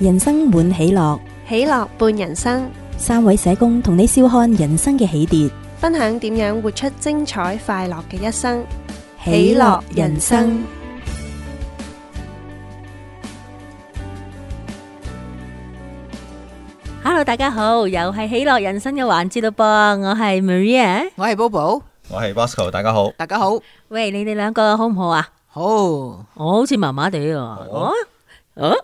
人生滿喜樂，喜樂伴人生。三位社工同你笑看人生嘅起跌，分享點樣活出精彩快樂嘅一生。喜樂人生。人生 Hello，大家好，又係喜樂人生嘅環節啦噃，我係 Maria，我係 Bobo，我係 Bosco。大家好，大家好。家好喂，你哋兩個好唔好啊？好，好，我好似麻麻地啊。我哦，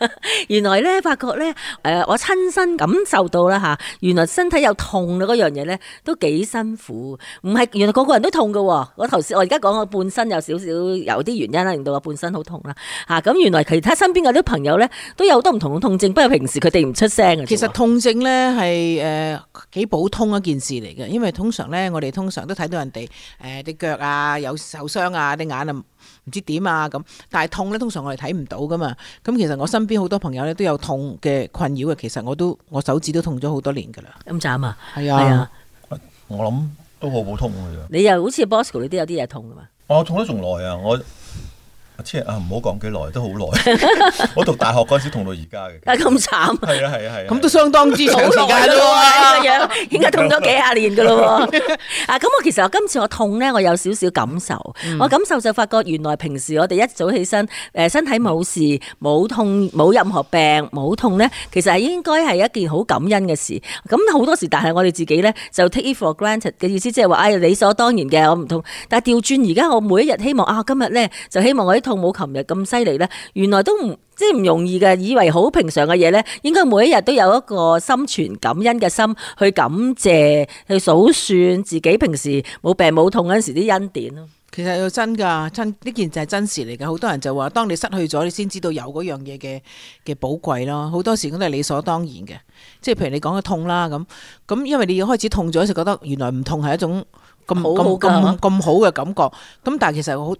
原來咧，發覺咧，誒，我親身感受到啦吓，原來身體有痛嘅嗰樣嘢咧都幾辛苦，唔係原來個個人都痛噶我頭先我而家講我半身有少少有啲原因啦，令到我半身好痛啦，吓咁原來其他身邊嗰啲朋友咧都有好多唔同嘅痛症，不過平時佢哋唔出聲。其實痛症咧係誒幾普通一件事嚟嘅，因為通常咧我哋通常都睇到人哋誒啲腳啊有受傷啊，啲眼啊。唔知點啊咁，但係痛咧，通常我哋睇唔到噶嘛。咁其實我身邊好多朋友咧都有痛嘅困擾嘅。其實我都我手指都痛咗好多年噶啦。咁慘啊！係啊，係啊，我諗都好好痛嘅啫。你又好似 Bosco，你都有啲嘢痛噶嘛？我、啊、痛得仲耐啊！我。阿超啊，唔好講幾耐，都好耐。我讀大學嗰陣時痛到而家嘅。啊咁慘！係啊係啊係啊！咁都相當之長時間咯。個樣應該痛咗幾廿年噶咯。啊咁，我其實今次我痛咧，我有少少感受。我感受就發覺，原來平時我哋一早起身，誒身體冇事、冇痛、冇任何病、冇痛咧，其實係應該係一件好感恩嘅事。咁好多時，但係我哋自己咧就 take it for granted 嘅意思，即係話啊理所當然嘅，我唔痛。但係調轉而家，我每一日希望啊，今日咧就希望我啲。痛冇琴日咁犀利咧，原來都唔即係唔容易嘅，以為好平常嘅嘢咧，應該每一日都有一個心存感恩嘅心去感謝，去數算自己平時冇病冇痛嗰時啲恩典咯。其實又真㗎，真呢件就係真事嚟嘅。好多人就話，當你失去咗，你先知道有嗰樣嘢嘅嘅寶貴咯。好多時都係理所當然嘅，即係譬如你講嘅痛啦，咁咁，因為你要開始痛咗，就覺得原來唔痛係一種咁咁咁好嘅感覺。咁但係其實好。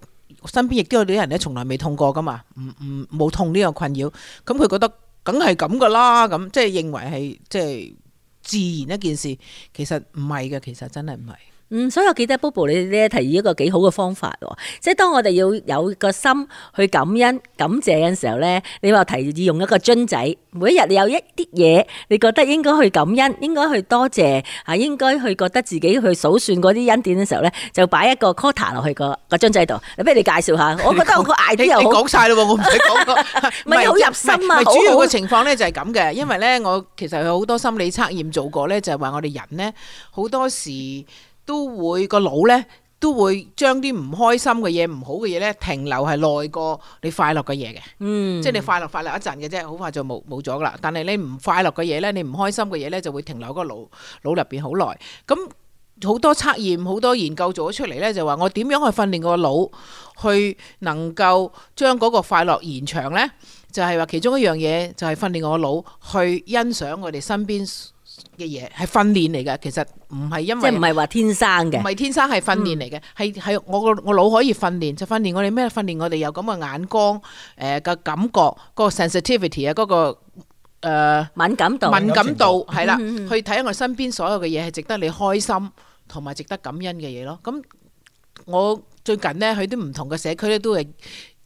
身邊亦都有啲人咧，從來未痛過噶嘛，唔唔冇痛呢個困擾，咁佢覺得梗係咁噶啦，咁即係認為係即係自然一件事，其實唔係嘅，其實真係唔係。嗯，所以我記得 BoBo 你咧提議一個幾好嘅方法，即係當我哋要有個心去感恩、感謝嘅時候咧，你話提議用一個樽仔，每一日你有一啲嘢，你覺得應該去感恩、應該去多謝吓，應該去覺得自己去數算嗰啲恩典嘅時候咧，就擺一個 quarter 落去個個樽仔度。你不如你介紹下，我覺得個 idea 你講晒咯，我唔使講個，唔係好入心啊。是 主要嘅情況咧就係咁嘅，因為咧我其實有好多心理測驗做過咧，就係、是、話我哋人咧好多時。都會個腦呢，都會將啲唔開心嘅嘢、唔好嘅嘢呢，停留係耐過你快樂嘅嘢嘅。嗯，即係你快樂快樂一陣嘅啫，好快就冇冇咗噶啦。但係你唔快樂嘅嘢呢，你唔開心嘅嘢呢，就會停留喺個腦腦入邊好耐。咁好多測驗、好多研究做咗出嚟呢，就話我點樣去訓練我個腦去能夠將嗰個快樂延長呢？就係、是、話其中一樣嘢就係訓練我個腦去欣賞我哋身邊，嘅嘢係訓練嚟嘅，其實唔係因為即係唔係話天生嘅，唔係天生係訓練嚟嘅，係係我個我腦可以訓練就訓練我哋咩？訓練我哋有咁嘅眼光誒嘅感覺，個 sensitivity 啊，嗰個誒敏感度，敏感度係啦，去睇下我身邊所有嘅嘢係值得你開心同埋值得感恩嘅嘢咯。咁我最近咧去啲唔同嘅社區咧都係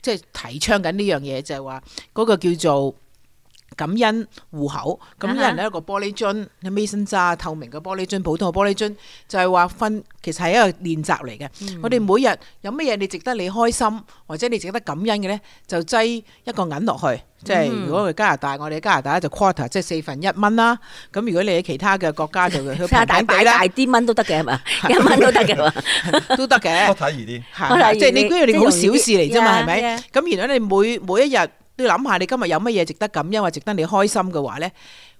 即係提倡緊呢樣嘢，就係話嗰個叫做。感恩戶口，咁有人咧一個玻璃樽，係 Mason jar 透明嘅玻璃樽，普通嘅玻璃樽，就係話分，其實係一個練習嚟嘅。我哋每日有乜嘢你值得你開心，或者你值得感恩嘅咧，就擠一個銀落去。即係如果係加拿大，我哋喺加拿大就 quarter，即係四分一蚊啦。咁如果你喺其他嘅國家就，大大大啲蚊都得嘅，係嘛，一蚊都得嘅，都得嘅，睇易啲。即係你嗰樣嘢好小事嚟啫嘛，係咪？咁然後你每每一日。你諗下，你今日有乜嘢值得感恩或者值得你開心嘅話呢？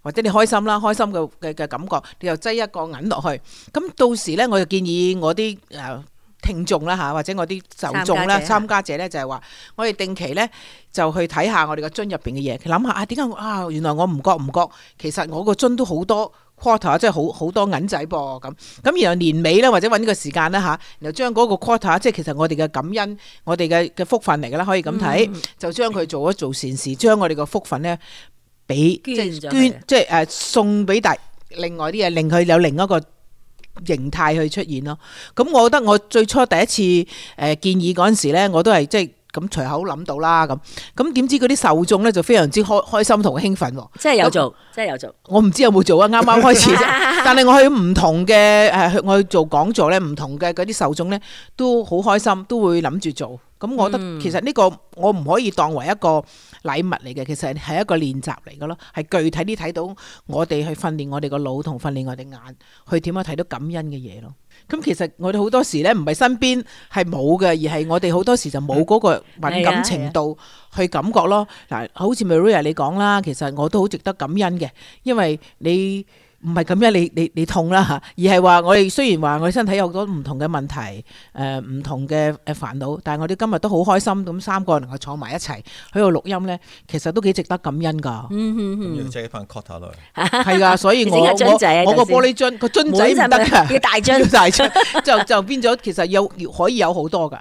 或者你開心啦，開心嘅嘅感覺，你就擠一個銀落去。咁到時呢，我就建議我啲誒聽眾啦吓，或者我啲受眾啦、參加者呢，就係話我哋定期呢，就去睇下我哋個樽入邊嘅嘢，諗下啊，點解啊，原來我唔覺唔覺，其實我個樽都好多。quarter 即真係好好多銀仔噃咁咁，然後年尾咧或者揾呢個時間咧吓，然後將嗰個 quarter 即係其實我哋嘅感恩，我哋嘅嘅福分嚟嘅啦，可以咁睇，嗯，就將佢做一做善事，將我哋嘅福分咧俾是捐，即係誒送俾大另外啲嘢，令佢有另一個形態去出現咯。咁我覺得我最初第一次誒建議嗰陣時咧，我都係即係。咁隨口諗到啦，咁咁點知嗰啲受眾咧就非常之開開心同興奮喎，真係有做，真係我有做。我唔知有冇做啊，啱啱開始啫。 但係我去唔同嘅誒，我去做講座咧，唔同嘅嗰啲受眾咧都好開心，都會諗住做。咁我覺得其實呢個我唔可以當為一個禮物嚟嘅，其實係一個練習嚟嘅咯，係具體啲睇到我哋去訓練我哋個腦同訓練我哋眼去點樣睇到感恩嘅嘢咯。咁其實我哋好多時咧，唔係身邊係冇嘅，而係我哋好多時就冇嗰個敏感程度去感覺咯。嗱、嗯，啊啊、好似 Maria 你講啦，其實我都好值得感恩嘅，因為你。唔係咁樣，你你你痛啦，而係話我哋雖然話我身體有咗唔同嘅問題，誒唔同嘅誒煩惱，但係我哋今日都好開心，咁三個人能夠坐埋一齊喺度錄音咧，其實都幾值得感恩噶。嗯嗯嗯，要借翻 c 落嚟。係啊， 所以我 仔、啊、我我個玻璃樽、就是、個樽仔唔得噶，要大樽，要大樽，就就變咗其實有可以有好多噶。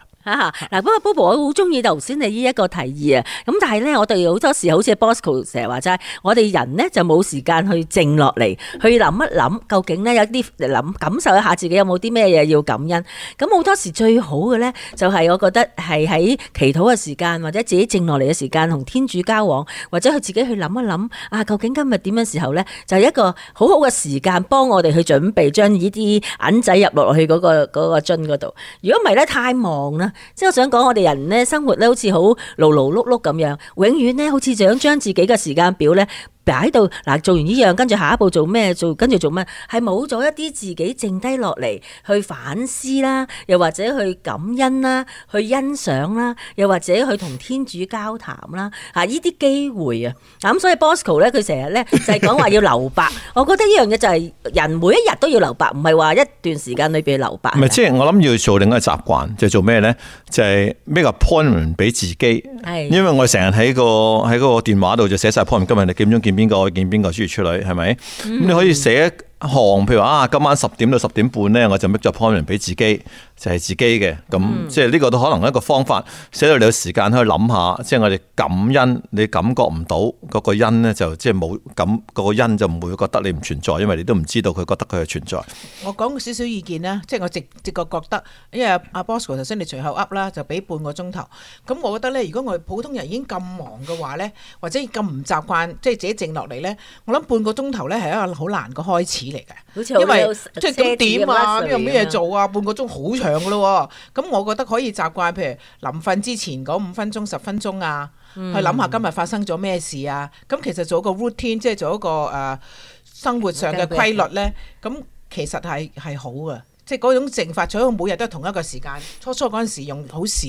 嗱，不過 BoBo，我好中意頭先你呢一個提議啊。咁但係咧，我哋好多時好似 Bosco 成日話齋，我哋人咧就冇時間去靜落嚟，去諗一諗究竟咧有啲諗感受一下自己有冇啲咩嘢要感恩。咁好多時最好嘅咧，就係、係、我覺得係喺祈禱嘅時間，或者自己靜落嚟嘅時間，同天主交往，或者佢自己去諗一諗啊，究竟今日點樣時候咧，就係、一個好好嘅時間幫我哋去準備將、嗰個嗰個、呢啲銀仔入落去嗰個樽嗰度。如果唔係咧，太忙啦。即係我想講，我哋人咧生活咧好似好勞勞碌碌咁樣，永遠咧好似想將自己嘅時間表咧。喺度嗱，做完依樣，跟住下一步做咩？做跟住做咩？係冇咗一啲自己剩低落嚟去反思啦，又或者去感恩啦，去欣賞啦，又或者去同天主交談啦。啊，依啲機會啊，嗱咁所以 Bosco 咧，佢成日咧就係講話要留白。我覺得依樣嘢，就係人每一日都要留白，唔係話一段時間裏邊留白。唔係，即係我諗要做另一個習慣，就係做咩咧？就係 make a appointment 俾自己，係，因為我成日喺個喺嗰個電話度就寫晒 appointment，今日你幾點鐘見？邊個見邊個中意出女係咪？咁、mm hmm。你可以寫一行，譬如啊，今晚十點到十點半呢，我就 make 個 appointment 俾自己。就係自己嘅，咁、嗯嗯、即係呢個都可能一個方法，寫到你有時間去諗下，即係我哋感恩，你感覺唔到嗰個恩咧，就即係冇感，嗰個恩就唔、那個、會覺得你唔存在，因為你都唔知道佢覺得佢係存在。我講少少意見咧，即係我直直覺覺得，因為阿 Bosco 頭先你隨後噏啦，就俾半個鐘頭。咁我覺得呢，如果我普通人已經咁忙嘅話呢，或者咁唔習慣，即係自己靜落嚟呢，我諗半個鐘頭呢係一個好難嘅開始嚟嘅，因為，因為即係咁點啊？邊有咩嘢做啊？半個鐘好長。長咯，咁我覺得可以習慣，譬如臨瞓之前五分鐘、十分鐘啊，去諗下今日發生咗咩事啊。咁其實做一個 routine，即係做一個誒、呃、生活上嘅規律咧，咁 lumber 其實係係好嘅。即係嗰種靜法，採用每日都係同一個時間。初初嗰陣時用好少，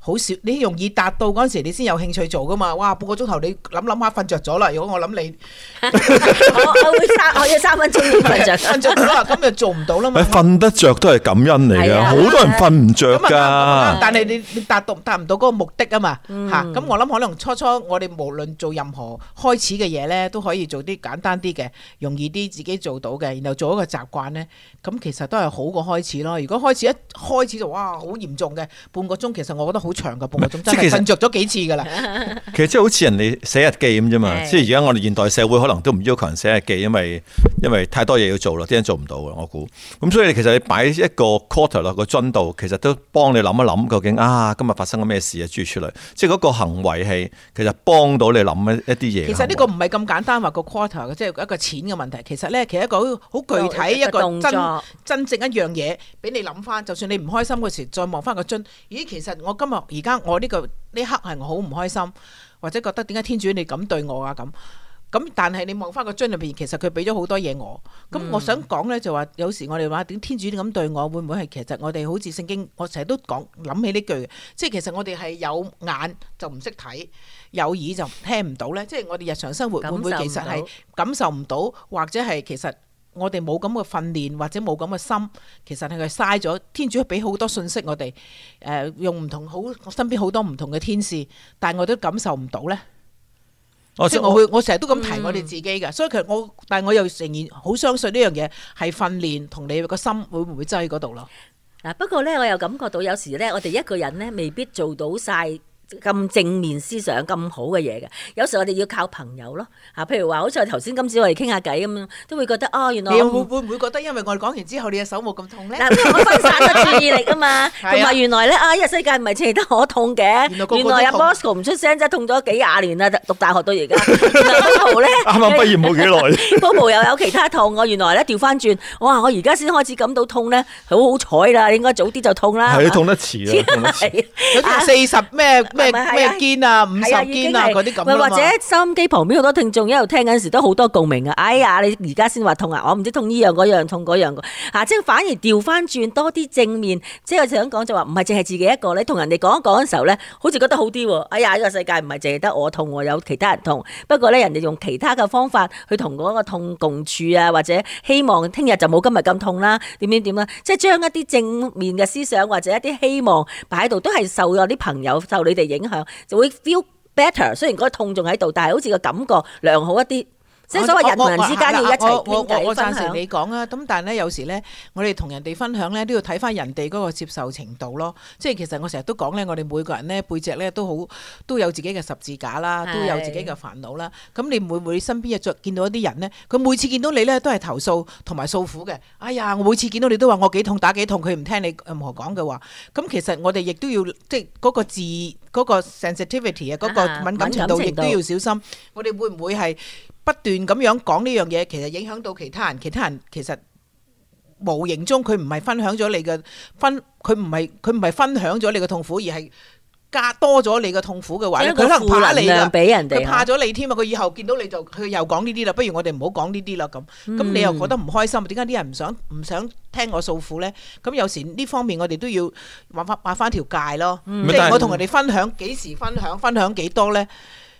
好少，你容易達到嗰陣時，你先有興趣做噶嘛。哇，半個鐘頭你諗諗下，瞓著咗啦。如果我諗你，我會三，我要三分鐘唔瞓著，瞓著咗啦，咁就做唔到啦嘛。瞓得著都係感恩嚟嘅！好多人瞓唔著㗎，但係你你達到達唔到嗰個目的啊嘛嚇。咁我諗可能初初我哋無論做任何開始嘅嘢咧，都可以做啲簡單啲嘅、容易啲自己做到嘅，然後做一個習慣咧，咁其實都係好。個開始咯。如果開始一開始就哇好嚴重嘅，半個鐘其實我覺得好長噶，半個鐘真係瞓着咗幾次噶啦。其實即係好似人哋寫日記咁啫嘛， 即係而家我哋現代社會可能都唔要求人寫日記，因為因為太多嘢要做啦，啲人做唔到噶，我估。咁、嗯、所以其實你擺一個 quarter 落個樽度，其實都幫你諗一諗究竟啊今日發生咗咩事啊，諸如此類，即係嗰個行為係其實幫到你諗一啲嘢。其實呢個唔係咁簡單話個 quarter 嘅，即係一個錢嘅問題。其實咧，其實一個好具體一個真一個真正一樣。樣嘢俾你諗翻，就算你唔開心嗰時，再望翻個樽，咦？其實我今日而家我呢個呢刻係我好唔開心，或者覺得點解天主你咁對我啊？咁咁，但係你望翻個樽入邊，其實佢俾咗好多嘢我。咁我想講呢，就話有時我哋話點天主你咁對我，會唔會係其實我哋好似聖經，我成日都講諗起呢句，即係其實我哋係有眼就唔識睇，有耳就聽唔到呢。即係我哋日常生活會唔會其實係感受唔到，或者係其實？我哋冇咁嘅訓練或者冇咁嘅心，其實係佢嘥咗。天主俾好多信息我哋，誒、呃、用唔同好身邊好多唔同嘅天使，但係我都感受唔到咧。哦、即我會，我成日都咁提我哋自己嘅，嗯、所以其實我，但係我又仍然好相信呢樣嘢係訓練同你個心會唔會擠嗰度咯。嗱、啊，不過咧，我又感覺到有時咧，我哋一個人咧未必做到晒。咁正面思想咁好嘅嘢嘅，有時我哋要靠朋友咯嚇，譬如話，好似頭先今次我哋傾下偈咁樣，都會覺得啊，原來你會會唔會覺得因為我哋講完之後，你嘅手冇咁痛咧？嗱，因為分散咗注意力啊嘛，同埋原來咧啊，呢個世界唔係凈係得我痛嘅，原來阿 Bosco 唔出聲，真係痛咗幾廿年啦，讀大學到而家，Bobo 咧啱啱畢業冇幾耐，Bobo 又有其他痛喎，原來咧調翻轉，我話我而家先開始感到痛咧，好好彩啦，應該早啲就痛啦，係你痛得遲啦，痛得遲，佢痛四十咩咩。咩肩啊、五十肩啊，嗰啲咁啊，或者收音機旁邊好多聽眾一路聽緊時，都好多共鳴啊！哎呀，你而家先話痛啊！我唔知痛呢樣嗰樣痛嗰樣嘅。即係反而調翻轉多啲正面，即係我想講就話唔係淨係自己一個。你同人哋講一講嘅時候咧，好似覺得好啲。哎呀，呢個世界唔係淨係得我痛，有其他人痛。不過咧，人哋用其他嘅方法去同嗰個痛共處啊，或者希望聽日就冇今日咁痛啦，點點點啦。即係將一啲正面嘅思想或者一啲希望擺喺度，都係受咗啲朋友受你哋影響就會 feel better，雖然個痛仲喺度，但係好似個感覺良好一啲。即係所謂人與人之間要一齊傾偈我，我，我，我暫時你講啊，咁但係咧有時咧，我哋同人哋分享咧都要睇翻人哋嗰個接受程度咯。即係其實我成日都講咧，我哋每個人咧背脊咧都好都有自己嘅十字架啦，是都有自己嘅煩惱啦。咁你會唔會身邊一再見到一啲人咧？佢每次見到你咧都係投訴同埋訴苦嘅。哎呀，我每次見到你都話我幾痛打幾痛，佢唔聽你任何講嘅話。咁其實我哋亦都要即係嗰個字嗰個 sensitivity 啊，嗰、嗰個敏感程度亦都、嗰個、要小心。啊、我哋會唔會係？不斷咁樣講呢樣嘢，其實影響到其他人。其他人其實無形中佢唔係分享咗你嘅分，佢唔係佢唔係分享咗你嘅痛苦，而係加多咗你嘅痛苦嘅話，佢可能怕你，怕你啊，俾人哋佢怕咗你添啊！佢以後見到你就佢又講呢啲啦，不如我哋唔好講呢啲啦咁。咁、嗯、你又覺得唔開心？點解啲人唔想唔想聽我訴苦呢？咁有時呢方面我哋都要話翻話翻條界咯。即係我同人哋分享幾時分享，分享幾多呢？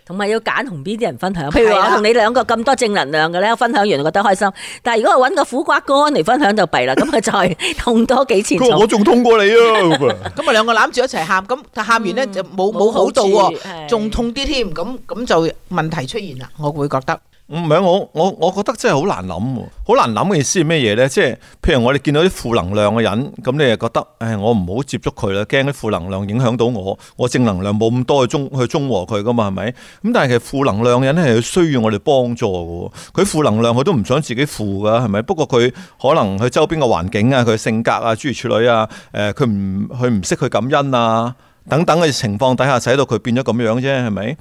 同埋要揀同邊啲人分享，譬如話我同你兩個咁多正能量嘅咧，啊、分享完就覺得開心。但係如果我搵個苦瓜乾嚟分享就弊啦，咁佢 就係痛多幾次。佢話我仲痛過你啊！咁啊， 咁啊，兩個攬住一齊喊，咁但喊完咧就冇冇好到喎，仲痛啲添。咁咁就問題出現啦。我會覺得。唔係我我我覺得真係好難諗喎、啊，好難諗嘅意思係咩嘢呢？即係譬如我哋見到啲負能量嘅人，咁你又覺得，唉，我唔好接觸佢啦，驚啲負能量影響到我，我正能量冇咁多去中去中和佢噶嘛，係咪？咁但係其實負能量嘅人係需要我哋幫助嘅，佢負能量佢都唔想自己負噶，係咪？不過佢可能佢周邊嘅環境啊，佢性格啊，諸如此類啊，誒，佢唔佢唔識去感恩啊。等等嘅情況底下，使到佢變咗咁樣啫，係咪？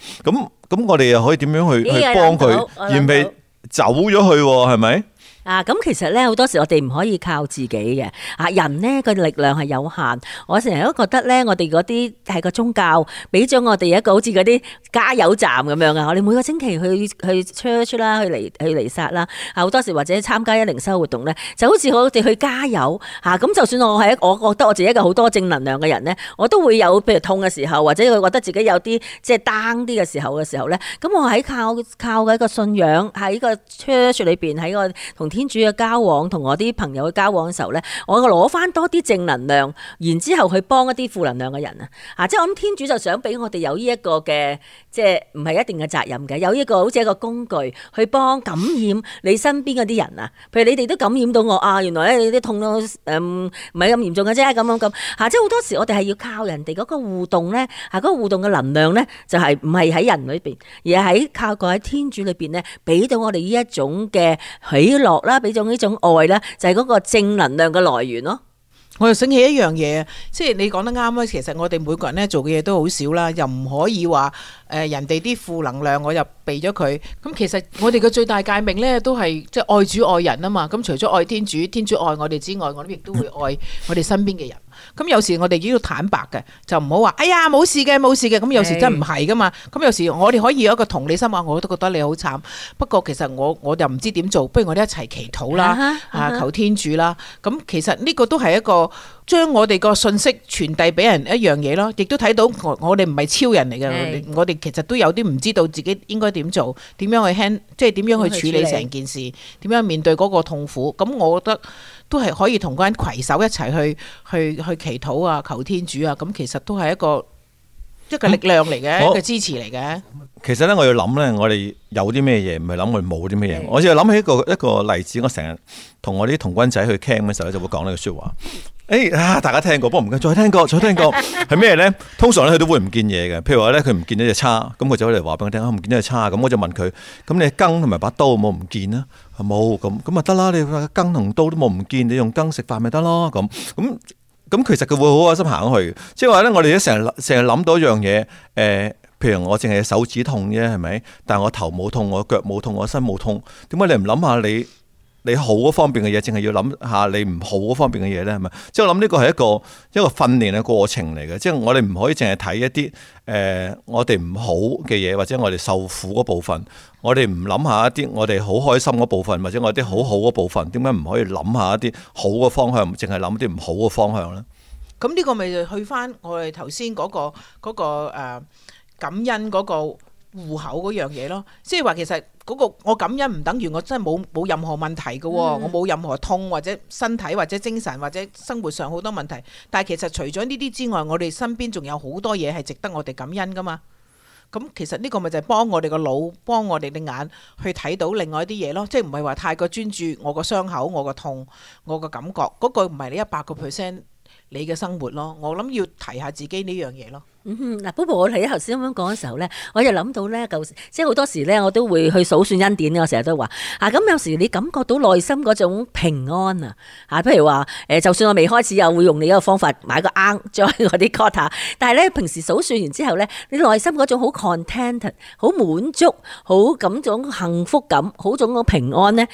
咁我哋又可以點樣去是去幫佢，而唔係走咗去喎，係咪？啊，咁其實咧好多時我哋唔可以靠自己嘅，啊人咧個力量係有限。我成日都覺得咧，我哋嗰啲係個宗教俾咗我哋一個好似嗰啲加油站咁樣啊！我哋每個星期去去 church 啦，去嚟去彌撒啦，啊好多時或者參加一靈修活動咧，就好似我哋去加油嚇。啊咁就算我係我覺得我自己一個好多正能量嘅人咧，我都會有譬如痛嘅時候，或者佢覺得自己有啲即係 down 啲嘅時候嘅時候咧，咁我喺靠靠嘅一個信仰喺個 church 裏邊喺個同。天主嘅交往，同我啲朋友嘅交往嘅時候咧，我攞翻多啲正能量，然之後去幫一啲負能量嘅人啊，吓即係我諗天主就想俾我哋有呢一,一個嘅，即係唔係一定嘅責任嘅，有呢一個好似一個工具去幫感染你身邊嗰啲人啊，譬如你哋都感染到我啊，原來咧你啲痛到誒唔係咁嚴重嘅啫，咁、啊、樣咁，吓、啊、即係好多時我哋係要靠人哋嗰、嗰個互動咧，吓嗰個互動嘅能量咧，就係唔係喺人裏邊，而係喺靠過喺天主裏邊咧，俾到我哋呢一種嘅喜樂。啦，俾咗呢種愛咧，就係嗰個正能量嘅來源咯。我又醒起一樣嘢啊，即係你講得啱啦。其實我哋每個人咧做嘅嘢都好少啦，又唔可以話誒人哋啲負能量我又避咗佢。咁其實我哋嘅最大誡命咧，都係即係愛主愛人啊嘛。咁除咗愛天主，天主愛我哋之外，我哋亦都會愛我哋身邊嘅人。咁有時我哋要坦白嘅，就唔好話，哎呀，冇事嘅，冇事嘅。咁有時真唔係噶嘛。咁有時我哋可以有一個同理心話，我都覺得你好慘。不過其實我我又唔知點做，不如我哋一齊祈禱啦，啊、uh huh, uh huh. 求天主啦。咁其實呢個都係一個將我哋個信息傳遞俾人一樣嘢咯。亦都睇到我哋唔係超人嚟嘅，uh huh. 我哋其實都有啲唔知道自己應該點做，點樣去 hand 即係點樣去處理成件事，點樣面對嗰個痛苦。咁我覺得。都係可以同嗰人攜手一齊去去去祈禱啊，求天主啊！咁其實都係一個一個力量嚟嘅，一個支持嚟嘅。其實咧，我要諗咧，我哋有啲咩嘢，唔係諗我哋冇啲咩嘢。我要諗起一個一個例子，我成日同我啲童軍仔去傾嘅時候咧，就會講呢個說話。誒啊、哎！大家聽過，不過唔該，再聽過，再聽過係咩咧？通常咧佢都會唔見嘢嘅，譬如話咧佢唔見咗隻叉，咁佢走嚟話俾我聽，我、啊、唔見咗隻叉，咁我就問佢：咁你羹同埋把刀冇唔見啦？係冇咁咁咪得啦！你羹同刀、啊、刀都冇唔見，你用羹食飯咪得咯。咁咁咁，其實佢會好開心行去。即係話咧，我哋都成日成日諗到一樣嘢，誒、呃，譬如我淨係手指痛啫，係咪？但係我頭冇痛，我腳冇痛，我身冇痛，點解你唔諗下你你好嗰方面嘅嘢，淨係要諗下你唔好嗰方面嘅嘢呢？係咪？即係我諗呢個係一個一個訓練嘅過程嚟嘅，即係我哋唔可以淨係睇一啲誒、呃、我哋唔好嘅嘢，或者我哋受苦嗰部分，我哋唔諗下一啲我哋好開心嗰部分，或者我啲好好嗰部分，點解唔可以諗下一啲好嘅方向，淨係諗啲唔好嘅方向呢？咁呢個咪就去返我哋頭先嗰個嗰個、嗰個、感恩嗰個戶口嗰樣嘢咯，即係話其實。嗰個我感恩唔等於我真係冇冇任何問題嘅，我冇任何痛或者身體或者精神或者生活上好多問題。但係其實除咗呢啲之外，我哋身邊仲有好多嘢係值得我哋感恩噶嘛。咁其實呢個咪就係幫我哋個腦，幫我哋嘅眼去睇到另外一啲嘢咯。即係唔係話太過專注我個傷口、我個痛、我個感覺，嗰個唔係你一百個 percent 你嘅生活咯。我諗要提下自己呢樣嘢咯。嗯哼，嗱，波波，我喺頭先咁樣講嘅時候咧，我就諗到咧舊即係好多時咧，我都會去數算恩典嘅。我成日都話，啊咁有時你感覺到內心嗰種平安啊，嚇、啊，譬如話，誒、呃，就算我未開始又會用你一個方法買個鈎將嗰啲 c u t t，但係咧平時數算完之後咧，你內心嗰種好 content、好滿足、好咁種幸福感、好種嘅平安咧，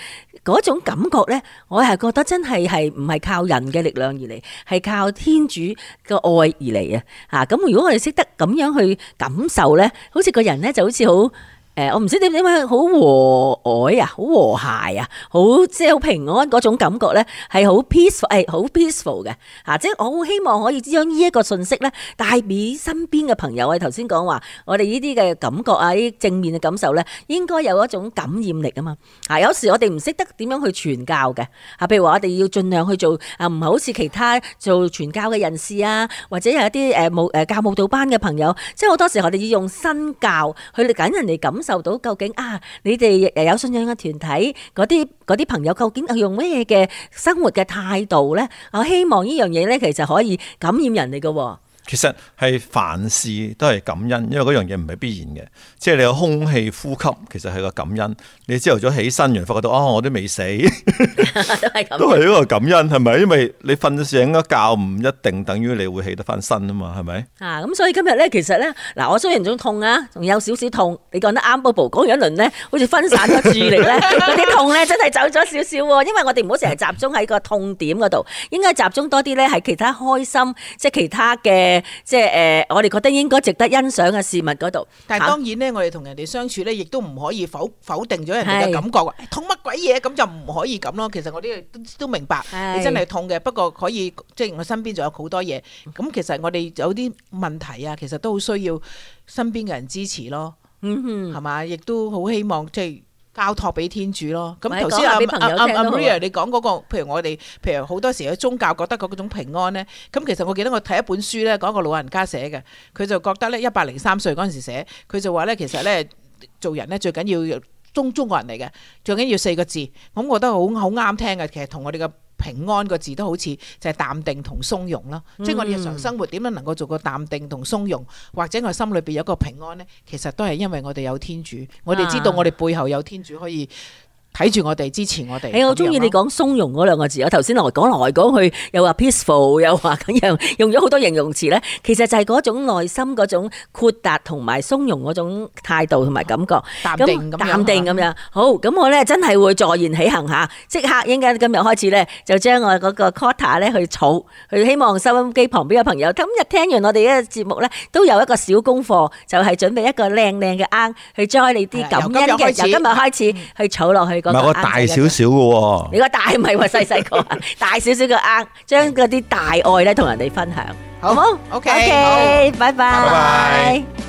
嗰種感覺咧，我係覺得真係係唔係靠人嘅力量而嚟，係靠天主嘅愛而嚟啊！嚇、啊，咁如果我哋識得咁樣去感受咧，好似個人咧就好似好。誒、呃，我唔知點點解好和藹啊，好和諧啊，好即係好平安嗰種感覺咧，哎，係好 peaceful，誒，好 peaceful 嘅。啊，即係我好希望可以將呢一個信息咧，帶俾身邊嘅朋友啊。我哋頭先講話，我哋呢啲嘅感覺啊，呢啲正面嘅感受咧，應該有一種感染力啊嘛。啊，有時我哋唔識得點樣去傳教嘅。啊，譬如話我哋要盡量去做啊，唔係好似其他做傳教嘅人士啊，或者有一啲誒舞誒教舞蹈班嘅朋友，即係好多時我哋要用身教去緊人哋咁。感受到究竟啊，你哋有信仰嘅團體，嗰啲嗰啲朋友，究竟用咩嘢嘅生活嘅態度咧？我希望呢樣嘢咧，其實可以感染人哋嘅。其實係凡事都係感恩，因為嗰樣嘢唔係必然嘅。即係你有空氣呼吸，其實係個感恩。你朝頭早起身完，原來發覺到哦，我都未死， 都係感恩，都係一個感恩，係咪？因為你瞓咗醒一覺，唔一定等於你會起得翻身啊嘛，係咪？啊，咁所以今日咧，其實咧，嗱，我雖然仲痛啊，仲有少少痛。你講得啱，Bobo 講完一輪咧，好似分散咗注意力咧，嗰啲 痛咧真係走咗少少。因為我哋唔好成日集中喺個痛點嗰度，應該集中多啲咧喺其他開心，即係其他嘅。呃、即係誒、呃，我哋覺得應該值得欣賞嘅事物嗰度，但係當然咧，啊、我哋同人哋相處咧，亦都唔可以否否定咗人哋嘅感覺。是哎、痛乜鬼嘢？咁就唔可以咁咯。其實我呢都都明白，是你真係痛嘅。不過可以，即係我身邊仲有好多嘢。咁其實我哋有啲問題啊，其實都好需要身邊嘅人支持咯。嗯哼，係嘛，亦都好希望即係。交託俾天主咯，咁頭先阿阿阿 Maria 你講嗰、那個，譬如我哋，譬如好多時喺宗教覺得嗰種平安咧，咁其實我記得我睇一本書咧，講個老人家寫嘅。佢就覺得咧一百零三歲嗰陣時寫，佢就話咧其實咧做人咧最緊要中中國人嚟嘅，最緊要四個字，咁我覺得好好啱聽嘅，其實同我哋嘅。平安個字都好似就係淡定同松容咯，嗯、即係我哋日常生活點樣能夠做個淡定同松容，或者我心裏邊有個平安呢？其實都係因為我哋有天主，啊、我哋知道我哋背後有天主可以。睇住我哋，支持我哋。係啊、嗯，我中意你講從容嗰兩個字。我頭先來講來講去，又話 peaceful，又話咁樣，用咗好多形容詞咧。其實就係嗰種內心嗰種豁達同埋從容嗰種態度同埋感覺。嗯、淡定咁。淡定咁樣。好，咁我咧真係會坐言起行吓，即刻應該今日開始咧，就將我嗰個 c u t t e 咧去儲，佢希望收音機旁邊嘅朋友今日聽完我哋個節目咧，都有一個小功課，就係、是、準備一個靚靚嘅啱去 join 你啲感恩嘅。由今日開始去儲落去。嗯唔係我大少少嘅喎，你個大唔係話細細個，小小 大少少個呃，將嗰啲大愛咧同人哋分享， 好唔好？OK，OK，拜拜，拜拜。